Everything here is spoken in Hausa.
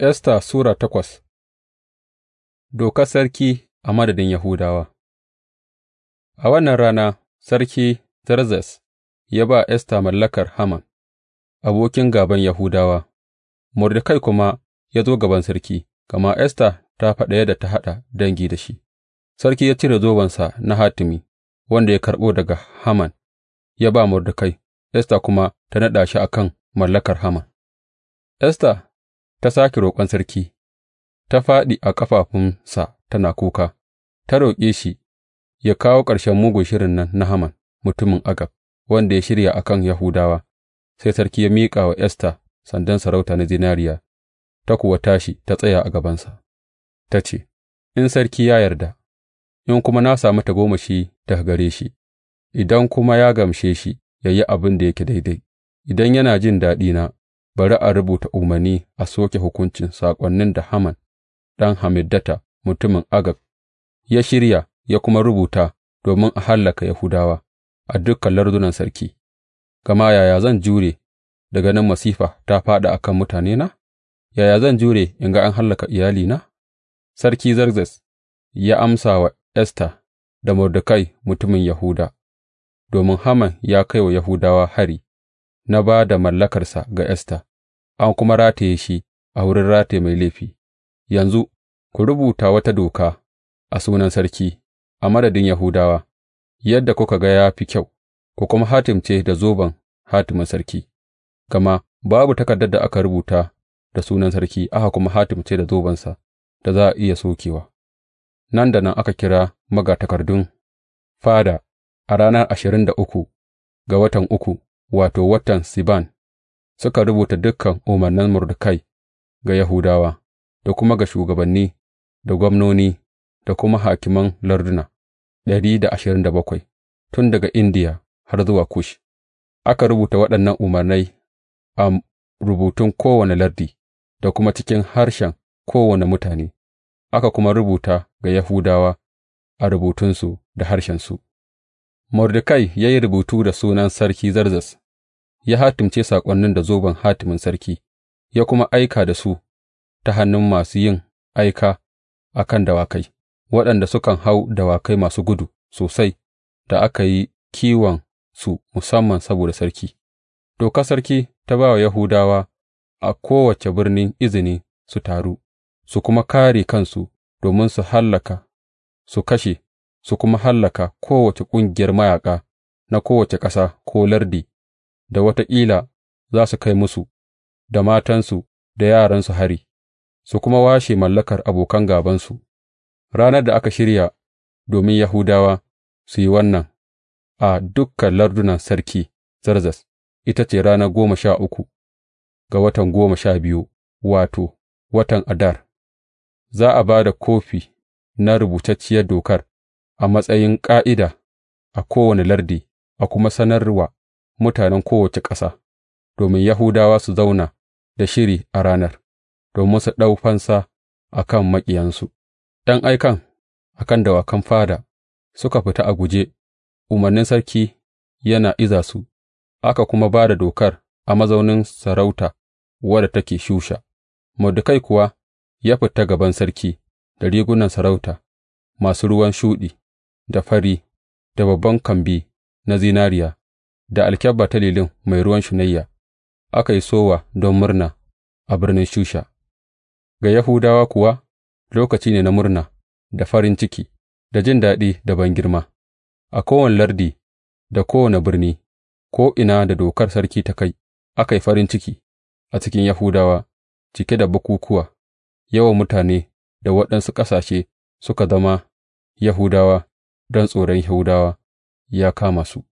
Esta Sura takwas doka sarki a madadin Yahudawa A wannan rana Sarki Zerzes ya ba Esta mallakar Haman, abokin gaban Yahudawa, Mordekai kuma ya zo gaban sarki, gama Esta ta faɗa yadda ta haɗa dangi da shi. Sarki ya cire zobensa na hatimi, wanda ya karɓo daga Haman, ya ba Mordekai, Esta kuma ta naɗa shi a kan mallakar Haman. Esta ta sāke roƙon sarki, ta fāɗi a ƙafafunsa tana kuka, ta roƙe shi ya kawo ƙarshen mugun shirin nan na Haman mutumin Agab, wanda ya shirya a kan Yahudawa, sai sarki ya miƙa wa Esta sandan sarauta na zinariya, ta kuwa tashi ta tsaya a gabansa, ta ce, In sarki ya yarda, in kuma na sami tagomashi daga gare shi, idan kuma ya gamshe shi ya yi abin da yake daidai, idan yana jin daɗina, bari a rubuta umarni a soke hukuncin saƙonnin da Haman ɗan Hamiddata mutumin Agag ya shirya ya kuma rubuta domin a hallaka Yahudawa a dukkan lardunan sarki, gama yaya zan jure daga nan masifa ta faɗa a kan mutanena? Yaya zan jure in ga an hallaka iyalina? Sarki Zerzes ya amsa wa Esta da Mordekai mutumin Yahuda, domin Haman ya kai wa Yahudawa hari na ba da mallakarsa ga Esta, an kuma rataye shi a wurin rataye mai laifi, yanzu ku rubuta wata doka a sunan sarki a madadin Yahudawa, yadda kuka ga ya fi kyau, ku kuma hatimce da zoben hatimin sarki, gama babu takardar da aka rubuta da sunan sarki aka kuma hatimce da zobensa da za a iya sokewa. Nan da nan aka kira magatakardun fada a ranar ashirin da uku ga watan uku, wato, watan Siban. suka rubuta dukan umarnan Mordekai ga Yahudawa, da kuma ga shugabanni, da gwamnoni, da kuma hakiman larduna, ɗari da ashirin da bakwai, tun daga Indiya har zuwa Kush. Aka rubuta waɗannan umarnai a rubutun kowane lardi, da kuma cikin harshen kowane mutane, aka kuma rubuta ga Yahudawa a rubutunsu da harshensu. Mordekai ya yi rubutu da sunan Sarki Zarzas. ya hatimce saƙonnin da zoben hatimin sarki, ya kuma aika da su ta hannun masu yin aika a kan dawakai, waɗanda sukan hau dawakai masu gudu sosai da aka yi kiwon su musamman saboda sarki. Dokar sarki ta ba wa Yahudawa a kowace birnin izini su taru, su kuma kare kansu domin su hallaka, su kashe, su kuma hallaka kowace ƙungiyar mayaƙa na kowace ƙasa ko lardi da wataƙila za su kai musu, da matansu, da yaransu hari, su kuma washe mallakar abokan gābansu, ranar da aka shirya domin Yahudawa su yi wannan a dukkan lardunan sarki Zarzas, ita ce ranar goma sha uku ga watan goma sha biyu, wato, watan Adar, za a ba da kofi na rubutacciyar dokar a matsayin ƙa'ida a kowane lardi a kuma sanarwa. mutanen kowace ƙasa, domin Yahudawa su zauna da shiri a ranar, domin su ɗau fansa a kan maƙiyansu. ’Yan aikan a kan dawakan fada suka fita a guje, umarnin sarki yana iza su, aka kuma ba da dokar a mazaunin sarauta wadda take Shusha, Mordekai kuwa ya fita gaban sarki da rigunan sarauta masu ruwan shuɗi da fari da babban kambi na zinariya da alkyabba ta lilin mai ruwan shunayya, aka yi sowa don murna a birnin Shusha, ga Yahudawa kuwa lokaci ne na murna da farin ciki da jin daɗi da bangirma, a kowane lardi da kowane birni, ko'ina da dokar sarki ta kai, aka yi farin ciki a cikin Yahudawa, cike da bukukuwa, yawan mutane da waɗansu ƙasashe suka zama Yahudawa don tsoron Yahudawa ya kama su.